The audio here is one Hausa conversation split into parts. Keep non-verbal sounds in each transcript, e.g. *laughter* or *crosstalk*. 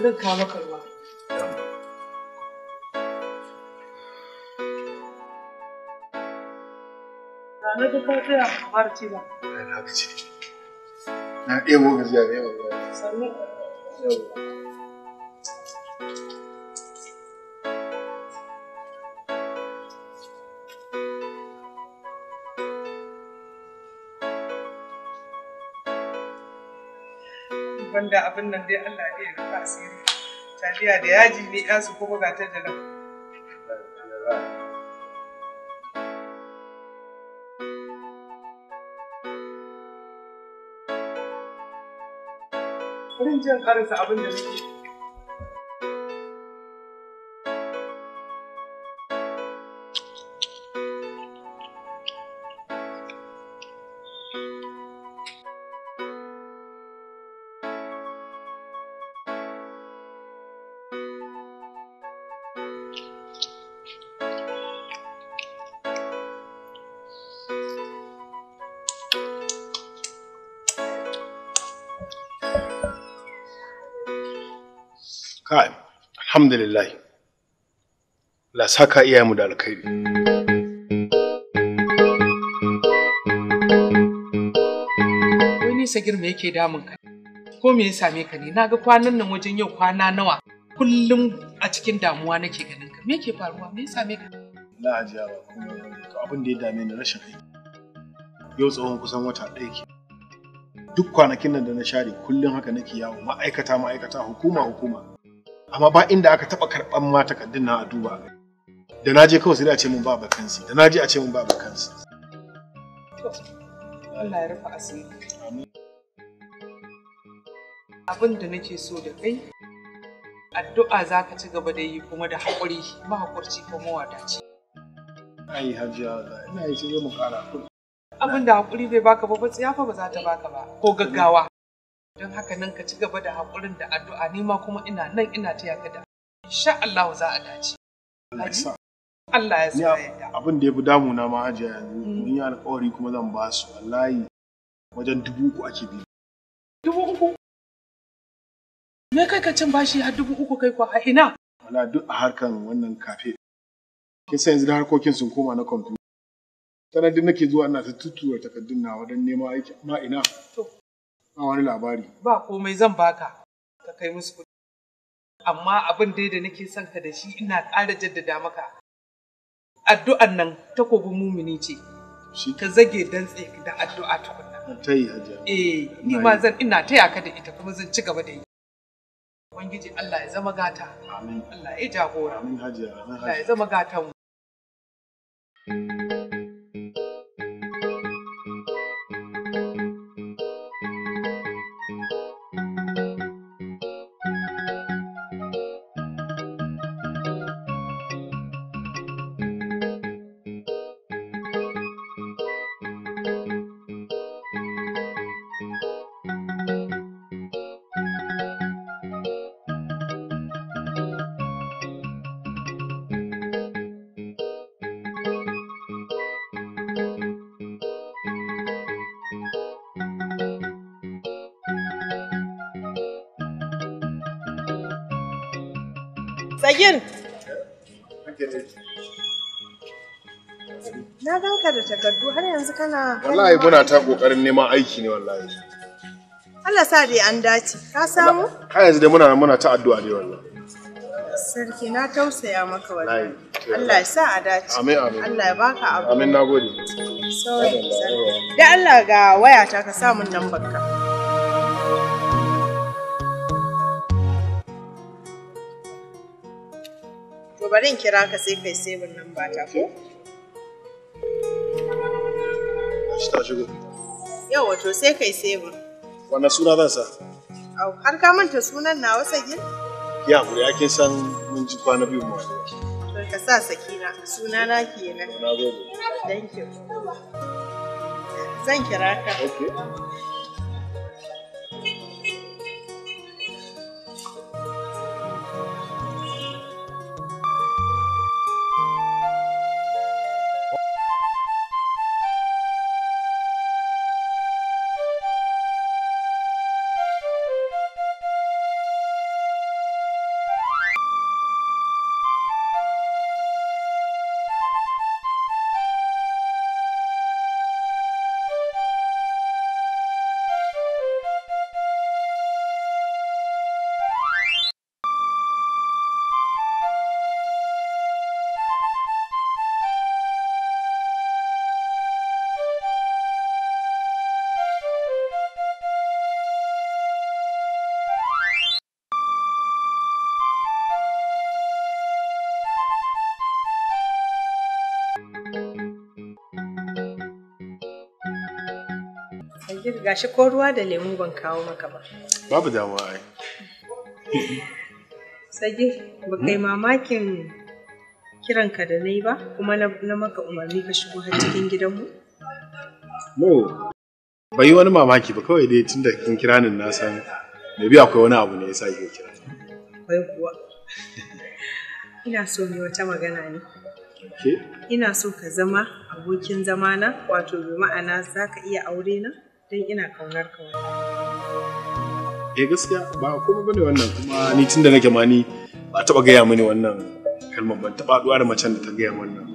Bari ka maka ruwa. Ranar da ta a kamar ba. banda abin nan dai Allah dai ya rufa asiri taliya da yaji ne ya su kuma gatar da nan Kurin jin sa abin da nake alhamdulillah la saka iyayenmu da alkhairi wani sagir me yake damun ka ko me ya same ka ne ga kwanan nan wajen yau kwana nawa kullum a cikin damuwa nake ganin ka me yake faruwa me ya same ka na ajiya ba kuma to abin da ya dame ni rashin aiki yau tsawon kusan wata ɗaya ke duk kwanakin nan da na share kullum haka nake yawo ma'aikata ma'aikata hukuma hukuma amma ba inda aka taɓa karban ma takardun na a duba da na je kawai sai a ce mun ba vacancy da na je a ce mun ba vacancy Allah ya rufa asiri abin da nake so da kai addu'a za ka ci gaba da yi kuma da haƙuri mahaƙurci ko mawadaci ai hajiya ina yi sai mu kara abin da haƙuri bai baka ba ba tsiyafa ba za ta baka ba ko gaggawa don haka nan ka ci gaba da haƙurin da addu'a ni ma kuma ina nan ina taya ka da insha Allah za a dace Allah ya sa abin da ya fi damuna ma hajiya yanzu hmm. mun yi alƙawari kuma zan ba su wallahi wajen dubu uku ake bi dubu uku me kai ka cin bashi har dubu uku kai ko a ina wala duk a harkan wannan kafe kin san yanzu da harkokin sun koma na kwamfuta sanadin nake zuwa ina ta tuttura takardun nawa don neman aiki ma ina ba wani labari ba komai zan baka ka kai musu kuɗi amma abin dai da nake son ka da shi ina ƙara jaddada maka addu'an nan takobin mumini ce ka zage dantse da addu'a tukunna ta yi hajiya eh ni ma zan ina taya ka da ita kuma zan ci gaba da yi ubangiji Allah ya zama gata amin Allah ya jagora amin hajiya Allah ya zama gatan mu Tsagir. Na ka da takardu har yanzu kana. Wallahi muna ta kokarin neman aiki ne wallahi. Allah sa dai an dace. Ka samu? Ka yanzu dai muna muna ta addu'a dai wallahi. Sarki na tausaya maka wallahi. Allah ya sa a dace. Amin amin. Allah ya baka abu. Amin nagode. Sorry. Da Allah ga wayata ka samu nan bakka bari in kira ka sai kai sai nan ba ta ko ta shigo yau wato sai kai sabon wannan suna zan sa au har ka manta sunan na wasa gin ya ya ake san mun ji kwana biyu mu to ka sa sakina suna na kenan na gode thank you zan kira ka okay Sagir gashi ko ruwa da lemu ban kawo maka ba. Babu damuwa ai. Sagir, ba kai mamakin kiranka da na yi ba kuma na maka umarni ka shigo har cikin gidanmu? No, bai yi wani mamaki ba kawai dai tunda kin kira ni na san da biyu akwai wani abu ne ya sa ki kira. Akwai kuwa. Ina so ne wata magana ne. Ina so ka zama abokin zamana wato bi ma'ana za ka iya aure na? don ina kaunar ka wani. eh gaskiya ba komai bane wannan kuma ni tunda nake ma ni ba taba gaya mini wannan kalmar ban taba haɗuwa da macen da ta gaya wannan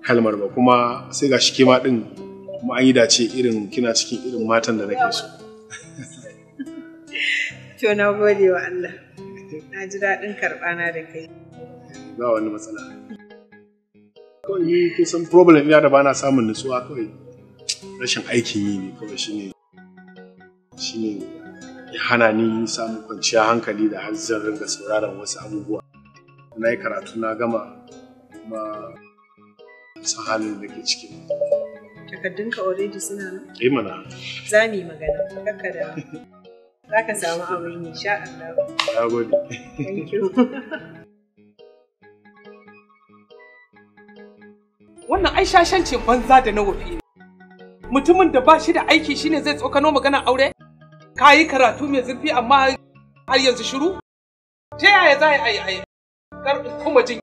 kalmar ba kuma sai gashi shi ma din kuma an yi dace irin kina cikin irin matan da nake so *laughs* to na gode wa Allah na ji daɗin karɓana da kai ba wani matsala kawai kin san problem ya da ba na samun nutsuwa kawai rashin aikin yi ne kawai shi ne ya hana ni samun kwanciya hankali da har zan ringa sauraron wasu abubuwa na yi karatu na gama kuma sun halin da ke ciki ka already suna nan eh mana za mu yi magana kakka da za ka samu abu yi sha Allah na gode thank you wannan aishashen ce banza da na wafi ne mutumin da ba shi da aiki shine zai tsokano maganar aure ka yi karatu mai zurfi amma har yanzu shiru ta yaya za a yi a yi kuma jin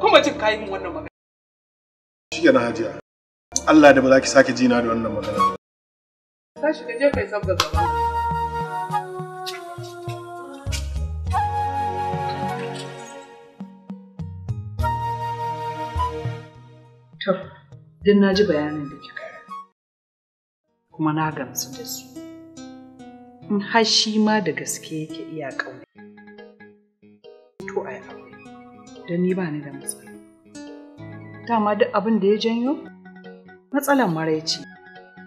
kuma jin kayi min wannan magana shi ke na hajiya Allah da ba za ki sake jina da wannan magana tashi ka je kai sabga gaba Thank Idan na ji bayanin da kika yi kuma na gamsu da su in har shi ma da gaske yake iya ƙauna to ai aure don ni ba ni da matsala dama duk abin da ya janyo matsalar maraici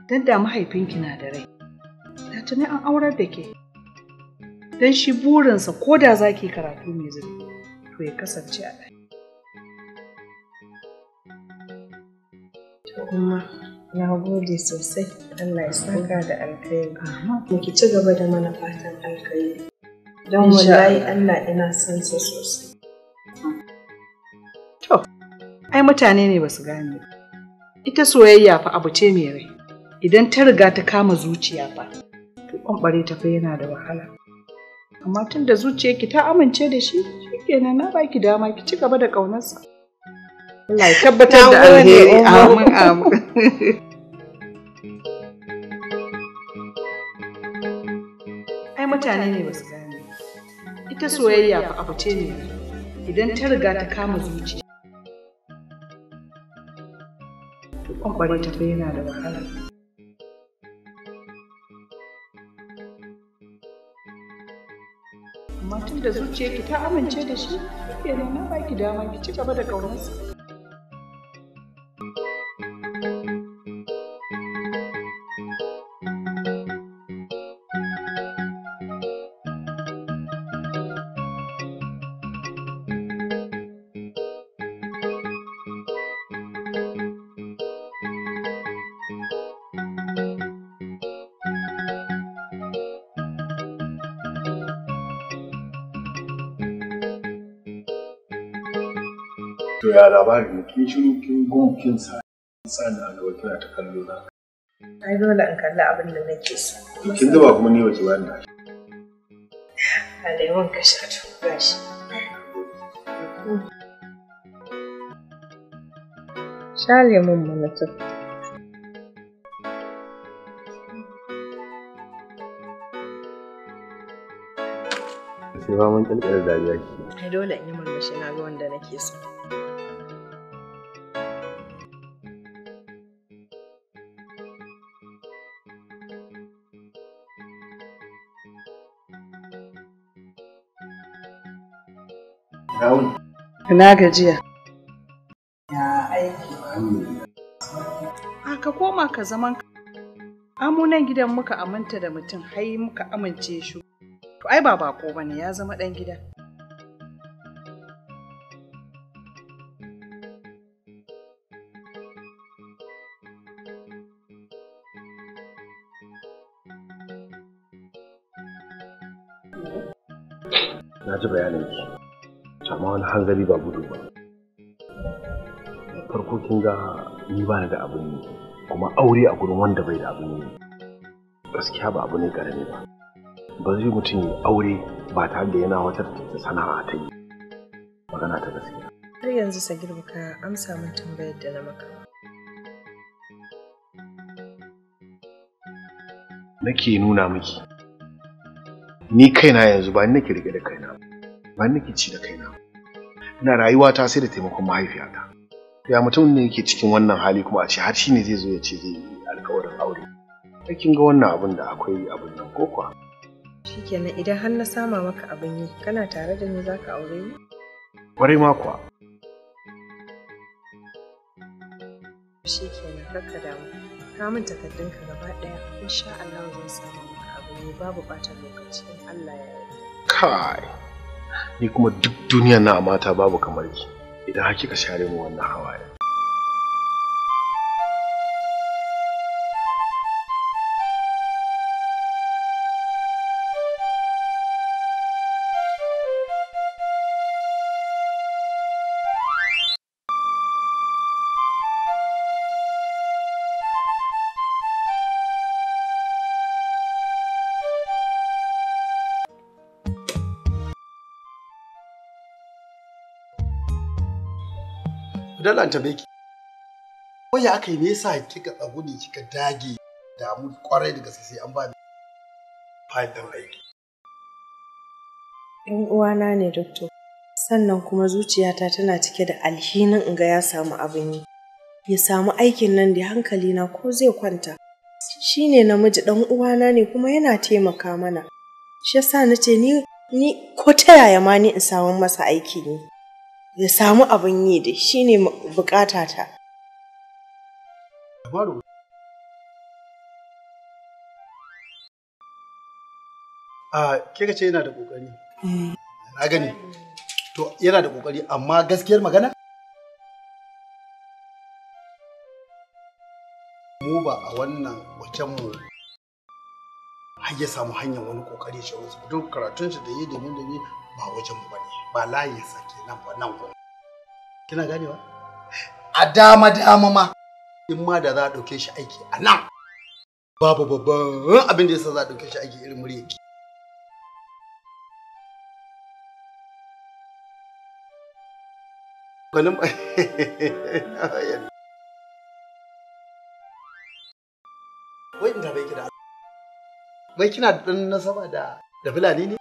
don da mahaifinki na da rai da tuni an aurar da ke don shi burinsa ko da za ki karatu mai zurfi to ya kasance a ɗaya Kuma na gode sosai Allah ya saka da alkhairi mu ki ci gaba da mana fatan alkhairi don wallahi Allah ina son sa sosai to ai mutane ne ba su gane ita soyayya fa abu ce mai rai idan ta riga ta kama zuciya ba. to kwambare ta fa yana da wahala amma tun da zuciyarki ta amince da shi shikenan na baki dama ki ci gaba da ƙaunarsa Allah ya tabbatar da alheri amin amin ai mutane ne basu gane ita soyayya fa abu ce ne idan ta riga ta kama zuci to kwakware ta yana da wahala amma tun da zuciyarki ta amince da shi kenan na baki dama ki ci gaba da ƙaunarsa ya labari kin shiru kin gun kin sa sani a gaba kina ta kallo na ai dole in kalli abin da nake so kin zuba kuma ni wace wani na a lemon ka sha to gashi sha mun mana tafi sai ba mun kalkar dariya ke. Ai dole in yi murmushi na ga wanda nake so. Kawun. Ina gajiya. Ya aiki. A ka koma ka zaman ka. Amunan gidan muka aminta da mutum hai muka amince shi. To ai ba bako bane ya zama ɗan gida. Na ji bayanin ki. amma wani hanzari ba gudu ba farko kin ga ni ba da abin yi kuma aure a gurin wanda bai da abin yi gaskiya ba abu ne karami ba ba zai mutum yi aure ba tare da yana wata sana'a ta yi magana ta gaskiya har yanzu sagir ka amsa min tambayar da na maka nake nuna miki ni kaina yanzu ba ni nake rike da kaina ba ni nake ci da kaina ina rayuwata sai da taimakon mahaifiyata ya mutum ne yake cikin wannan hali kuma a ce har shi ne zai zo ya ce zai yi alkawarin aure ta kin ga wannan abin da akwai abin nan ko kuwa shikenan idan har na sama maka abin yi kana tare da ni zaka aure ni kwarai ma kuwa shikenan kakka damu ka min takardunka gaba daya insha Allah zan samu maka abin yi babu bata lokaci in Allah ya yarda kai ni kuma duk duniya na mata babu kamar ki idan ka share mu wannan hawaye dala ta beki ya. aka yi me yasa kika ne kika dage da mu kwarai da gaske sai an ba ni fa'idan aiki in uwana ne doctor sannan kuma zuciyata tana cike da alhinin in ga ya samu abin yi ya samu aikin nan da hankali na ko zai kwanta shine ne namiji ɗan uwana ne kuma yana taimaka mana shi yasa na ni ni ko ta yaya ma ni in samu masa aikin yi ya samu abin yi da shi ne bukata ta. A kika ce yana da kokari. Mm. Na gani. To yana da kokari amma gaskiyar magana? Mu ba a wannan wajen mu har ya samu hanyar wani kokari shi wasu duk karatun shi da yi da da ni ba wajen mu bane ba layin sa kenan ba nan gurin kina ganewa a dama dama ma in ma da za a dauke shi aiki a nan babu babban abin da yasa za a dauke shi aiki irin murya Balim *laughs* wai kina da ɗan nasaba da da fulani ne?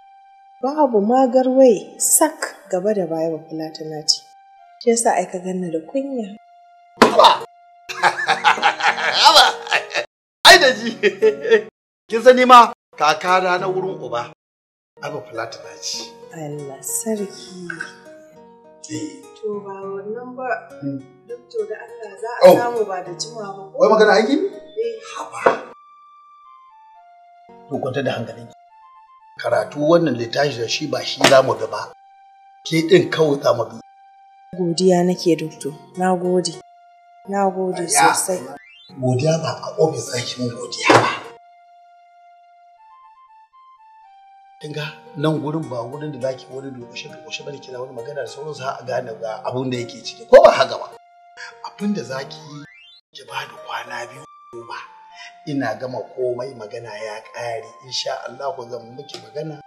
Babu ma garwai sak gaba da baya ba fulata na ce. Ke yasa ai ka ganna da kunya. Aba! *laughs* Ai da ji! Kin sani ma da na wurin uba. Aba na ce. Allah sarki. Eh. To ba wannan ba. Hmm. Duk to da Allah za a oh. samu ba da jimawa ba. Wai magana aiki? Eh. Haba. to kwanta da hankalin karatu wannan littafi da shi ba shi za mu gaba. ba ke din kawai za mu bi godiya nake doctor na gode na gode sosai godiya ba a ofis zaki mun godiya ba kinga nan gurin ba gurin da zaki wani dokoshe dokoshe bane kina wani magana da sauransu har a gane ga abin da yake ciki ko ba haka ba abin da zaki ki ba da kwana biyu ko ba ina gama komai magana ya ƙare insha Allah zan miki magana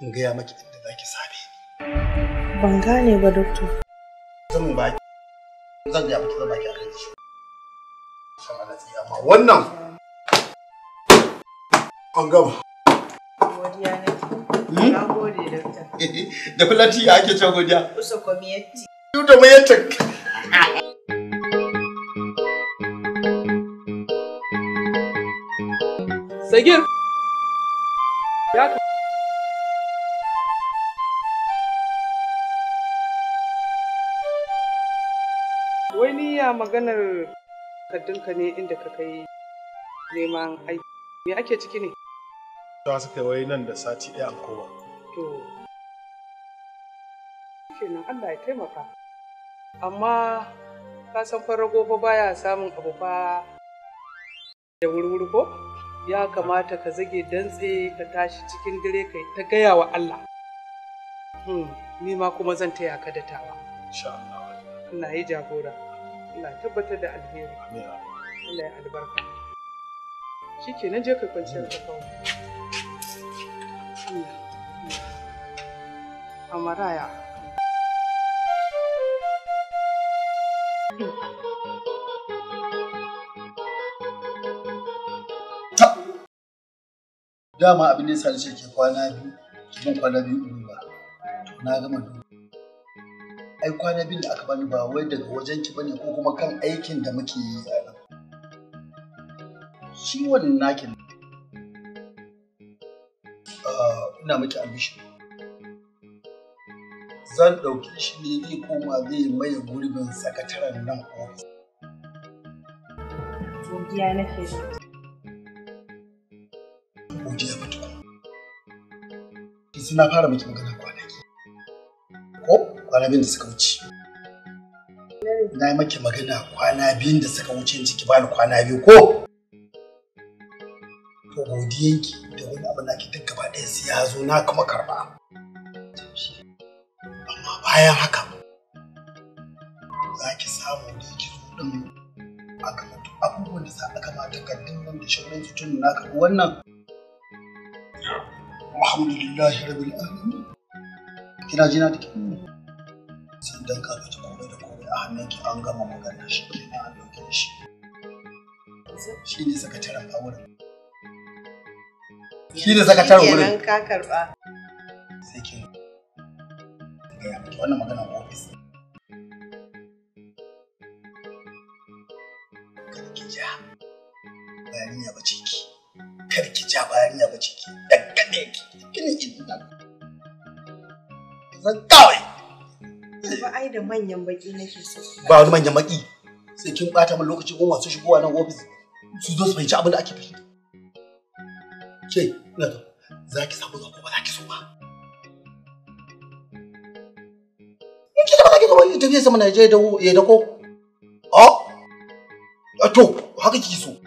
in gaya miki inda zaki sabe ni ban gane ba doctor zan ba ki zan ga miki zan ba ki a kanki sama da tsiya amma wannan an gama godiya nake hmm? na gode doctor *laughs* da ya ake cewa godiya usa komiyati yuta mayatta sagir ya wani ya maganar kaddinka ne inda ka kai neman aiki me ake ciki ne Ta suka wai nan da sati ɗaya an koma to kenan Allah ya taimaka amma ka san farago fa baya samun abu fa da wuri-wuri ko? ya kamata ka zage dantse ka tashi cikin dare kai ta gaya wa Allah. Hmm, ni ma kuma zan taya ka da tawa. Allah ya jagora. Allah tabbatar da alheri. Allah ya albarka. Shi ke nan je ka kwanciyar ka kawo. Hmm. Hmm. Amaraya. dama abin da ya ce ke kwana biyu mun kwana biyu in ba na gama duk ai kwana biyu da aka bani ba wai daga wajen ki bane ko kuma kan aikin da muke yi a nan shi wannan nakin ah, ina miki ambition zan ɗauki shi ne zai koma zai mai gurbin sakataren nan ofis. Godiya na san fara miki magana kwanaki ko kwana biyun da suka wuce na maki magana kwana biyun da suka wuce ciki bani kwana biyu ko to godiyanki da wani abu na kitan gaba ɗaya sai ya zo na kuma karɓa amma bayan haka za ki samu da ki zo ɗin aka mutu abubuwan da za a kamata ka dinga da shauran su tun na wannan alhamdulillahi rabbil alamin kina jina da kin sai dan ka ji komai da komai a hannunki an gama magana shi kenan a dauke shi shi ne sakataren auren shi ne sakataren wurin kenan ka karba sai ki gaya miki wannan magana ofis kada ki ja yarinya bace ki kar ki ja bayan ya bace ki dankane ki kini ki dan zan kawai ba ai da manyan baki nake so ba wani manyan baki sai kin bata min lokaci ko masu shigowa nan office su zo su ci abin da ake fashi ke na to zaki samu zako ba za ki so ba ki da ba za ki so ba ni tafiya sama Najeriya da ya dako oh ah, to haka kike so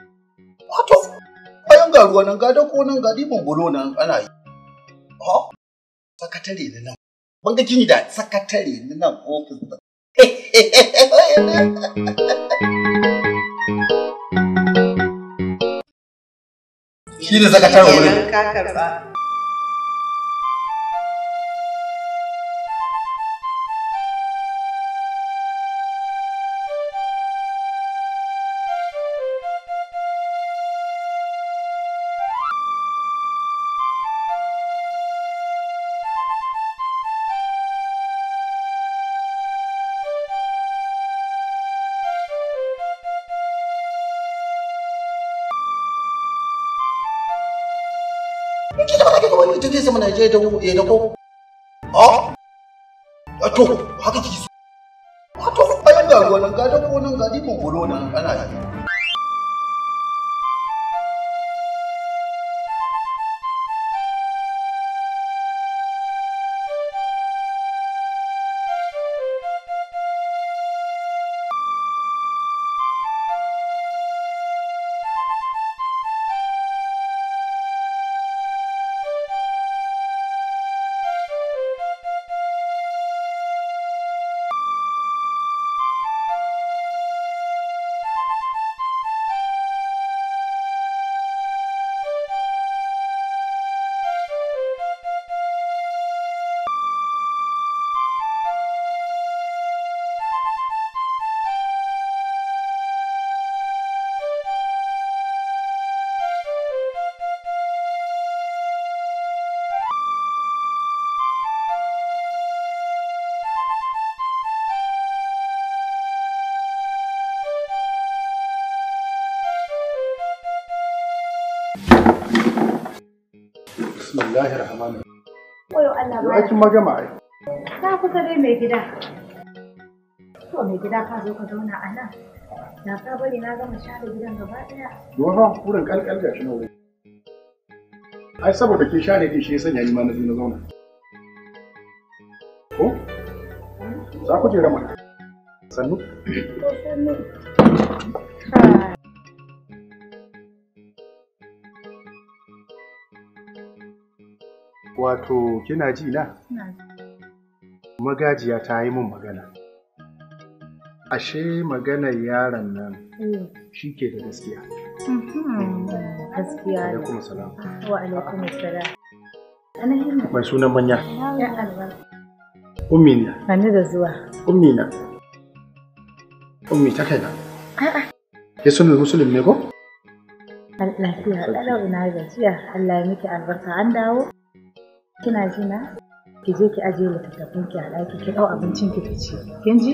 ga ruwa nan ga dako nan ga ɗiban bulo nan ana yi. Ha? Sakatare na nan. Ban ga kin da sakatare na nan ofis da. *laughs* Shi ne sakatare wurin. je ya dako ah, a to haka ki so a to ayyuka gonan ga dako nan ga dikon goro nan ana yi Bismillahir Rahmanir Koyo Allah ba. magama ai. kusa dai mai gida. gida ka zauna a nan. Na ka bari na gama gidan gaba kurin na wuri. Ai saboda ke share din shi ya sanya ni ma na zauna. Ko? Za ku je Sannu? Sannu. Wato kina ji na? Magajiya ta yi min magana. Ashe maganar yaron nan eh. shi ke da gaskiya. Mm-hmm. Gaskiya ne. Alaikum salam. Wa Mai sunan manya. Ummina. Hannu da zuwa. Ummina. Ummi ta na. A'a. Ke sunan musulun ne ko? lafiya ɗalau ina gajiya Allah ya miki albarka an dawo Kina ji na? Ki je ki ajiye littattafan ki a ɗaki ki ɗau abincin ki ki ci. Kin ji?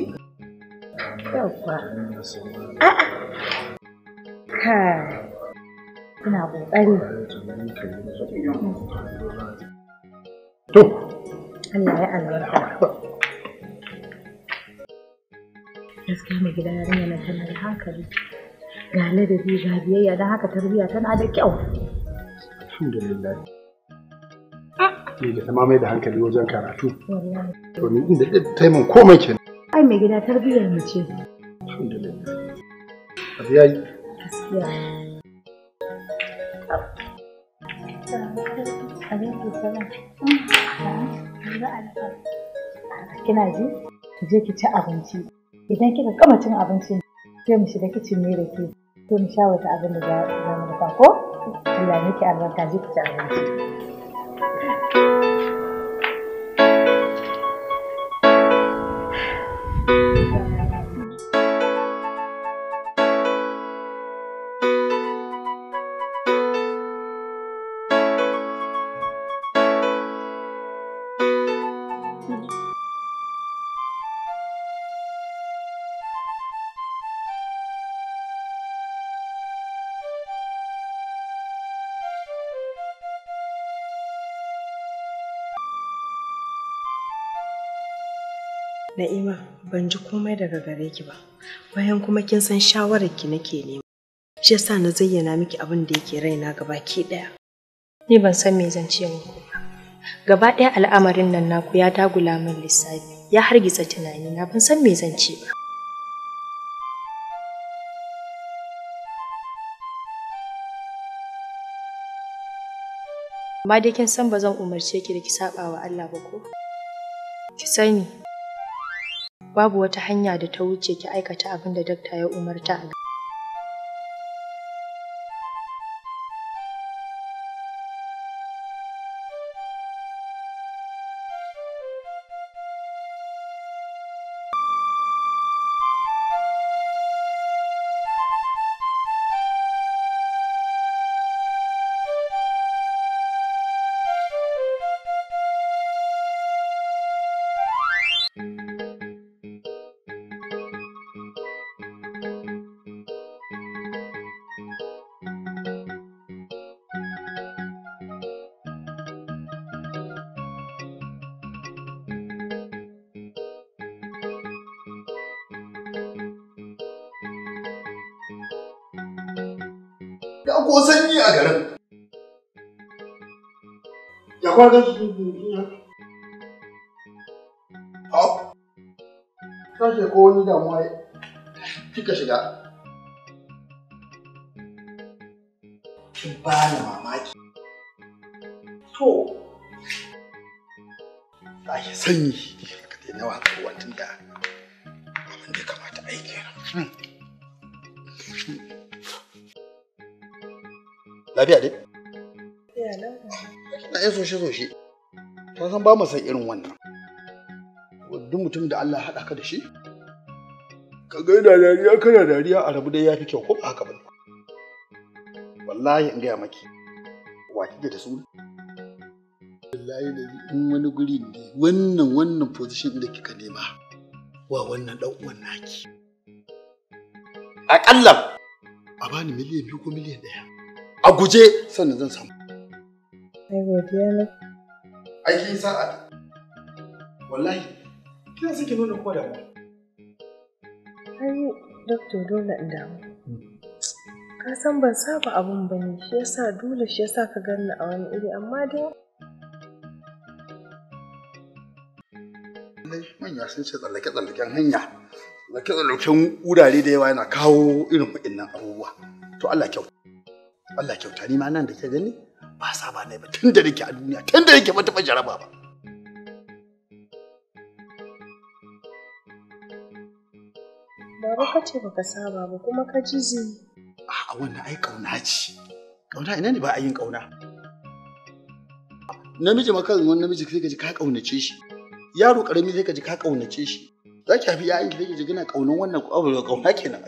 Yawwa. Ka. Kina ƙoƙari. To. Allah ya albarka. Gaskiya mai gida rinya na tana da hankali. Ga ladabi ga biyayya don haka tarbiyya tana da kyau. Alhamdulillah. ke da ta da hankali wajen karatu to ni inda ta min komai ke ai mai gida tarbiyyar mu ce alhamdulillah abu yayi gaskiya kina ji ki je ki ci abinci idan kika gama cin abincin sai mu shiga kicin ne da ke sai mu sha wata abin da za mu dafa ko Allah ne miki albarka ji ki ci abinci Na'ima, ban ji komai daga gare ki ba, bayan kuma kin san shawarar ki nake nema. Shi yasa na zayyana miki abin da yake raina gaba ki ɗaya. Ni ban san me zan ce muku ba. Gaba ɗaya al'amarin nan naku ya dagula min lissafi, ya hargitsa tunani na ban san me zan ce ba. Amma dai kin san ba zan umarce ki da ki saba wa Allah ba ko? Ki sani babu wata hanya da ta wuce ki aikata abin da dakta ya umarta a Ya ko sanyi a garin. Ya kwa gan su duniya. Hau. Kashe ko wani damuwa kika shiga. Kin ba ni mamaki. To. Kashe sanyi. Lafiya dai? Lafiya lafiya. Na yin soshe-soshe. Ta san ba mu san irin wannan. Duk mutum da Allah haɗa ka da shi, ka ga yana dariya kana dariya a rabu dai ya fi kyau ko ba haka ba. Wallahi in gaya maki, wa kike da su? Wallahi da in wani guri ne wannan wannan position da kika nema wa wannan ɗan uwan naki. Aƙalla a bani miliyan biyu ko miliyan ɗaya. a guje sannan zan samu. Ai godiya ne. Ai kin sa'a. Wallahi kina suke nuna kuma da Ai doctor dole in damu. Hmm. Ka san ban saba abun ba ne shi yasa dole shi yasa ka ganni a wani iri amma dai manya sun ce tsallake-tsallaken hanya tsallake-tsallaken wurare da yawa yana kawo irin waɗannan abubuwa to Allah kyau. Allah kyauta ni ma nan da ke gani ba saba ne ba tun da nake a duniya tun da nake mata jaraba ba Baba ka ce baka saba ba kuma ka ji zai. A wannan ai kauna ce. Kauna ina ne ba ayin yin kauna. Namiji makan wani namiji sai ka ji ka kaunace shi. Yaro karami sai ka ji ka kaunace shi. Zaki hafi yayin sai ka ji gina kaunan wannan abu kauna kenan.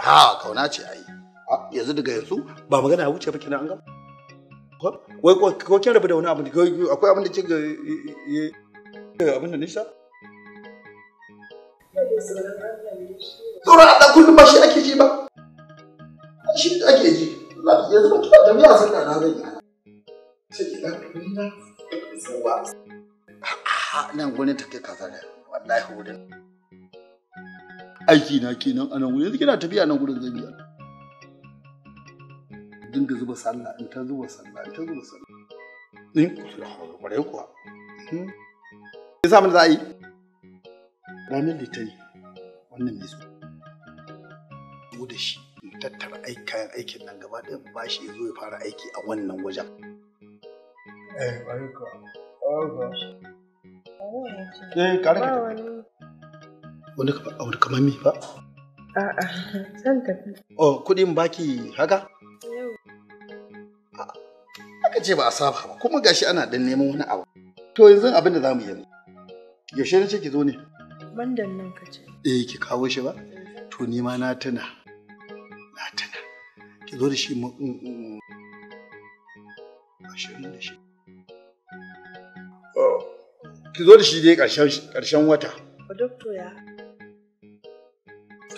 Ha kauna ce ai. Ah, yanzu daga yanzu ba magana wuce ba kina an ga wai ko kin rabu da wani abu akwai abin da ke ga abin da nisa tsoron Allah kullum ba shi ake ji ba shi ake ji yanzu ba kina da miya sun na na zai A ki dan kunna zuwa nan gurin take kaza da wallahi wurin aiki na kenan anan wurin kina tafiya nan gurin zai biya dinga zuba sallah in ta zuba sallah in ta zuba sallah in eh, ku kwarai kuwa ya sa mun za a yi ranar litani wannan ne zuwa zo da shi in tattara aikin aikin nan gaba ɗaya ba shi ya zo ya fara aiki a wannan wajen eh kwarai kuwa Eh, kare ka tafi. Wani kamar me ba? A'a, san *laughs* tafi. Oh, kuɗin baki haka? aka ce ba a saba ba kuma gashi ana dan neman wani abu to yanzu abin da za mu yanzu yaushe na ce ki zo ne bandan nan ka ce eh ki kawo shi ba to ni ma na tana na tana ki zo da shi mu in ashirin da shi oh, ki zo da shi dai karshen wata. ba doktor ya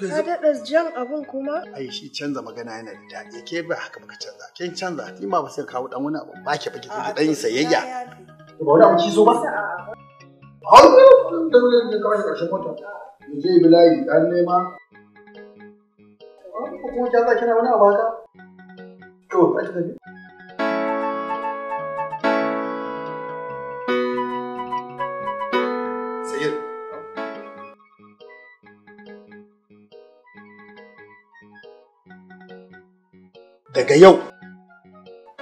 Ka daɗa jan abin kuma? Ai shi canza magana yana da daɗi. Ke ba haka baka canza. Kin canza. Ni ma ba sai kawo ɗan wani abu ba ke baki kuke ɗan sayayya. Ba wani abu ki so ba? Har da da da kawai ƙarshen wata. Mu je bilayi ne ma Ko kuma ka za kina wani abu haka? To, ake tafi. daga yau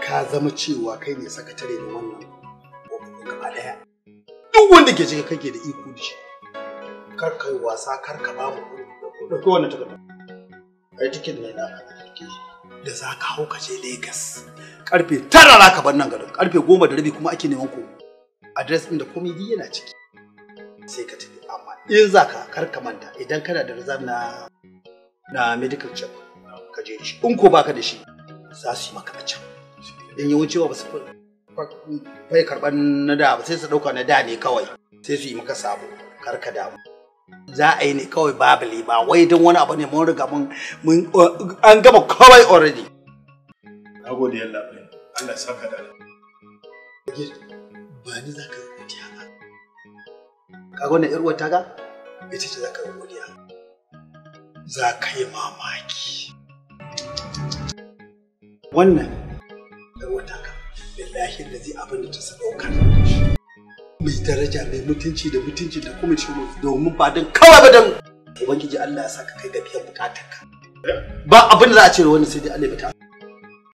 ka zama cewa kai ne sakatare na wannan gwamnati gaba daya duk wanda ke cikin kake da iko da shi kar kai wasa kar ka ba mu da kowane takarda ai tikin ne na kake da za ka hau ka je Lagos karfe tara za ka bar nan garin karfe goma da rabi kuma ake neman ku adres ɗin da komai yana ciki sai ka tafi amma in za ka kar ka manta idan kana da rizal na na medical check ka je shi in ko baka da shi za su yi maka a can in yi ba su fai karɓar na da ba sai su ɗauka na da ne kawai sai su yi maka sabo kar ka damu za a yi ne kawai babali ba wai don wani abu ne mun riga mun uh, an gama kawai already nagode gode yalla bai Allah saka da ba ni zaka ka godiya ba ka gona irwa yar ga ita ce za ka godiya za ka yi mamaki wannan da wata billahi da zai abin da ta sa daukar mai daraja mai mutunci da mutunci da kuma ci mu domin ba don kawai ba don ubangiji Allah ya saka kai ga biyan bukatarka ba abin da za a ce wani sai dai Allah ya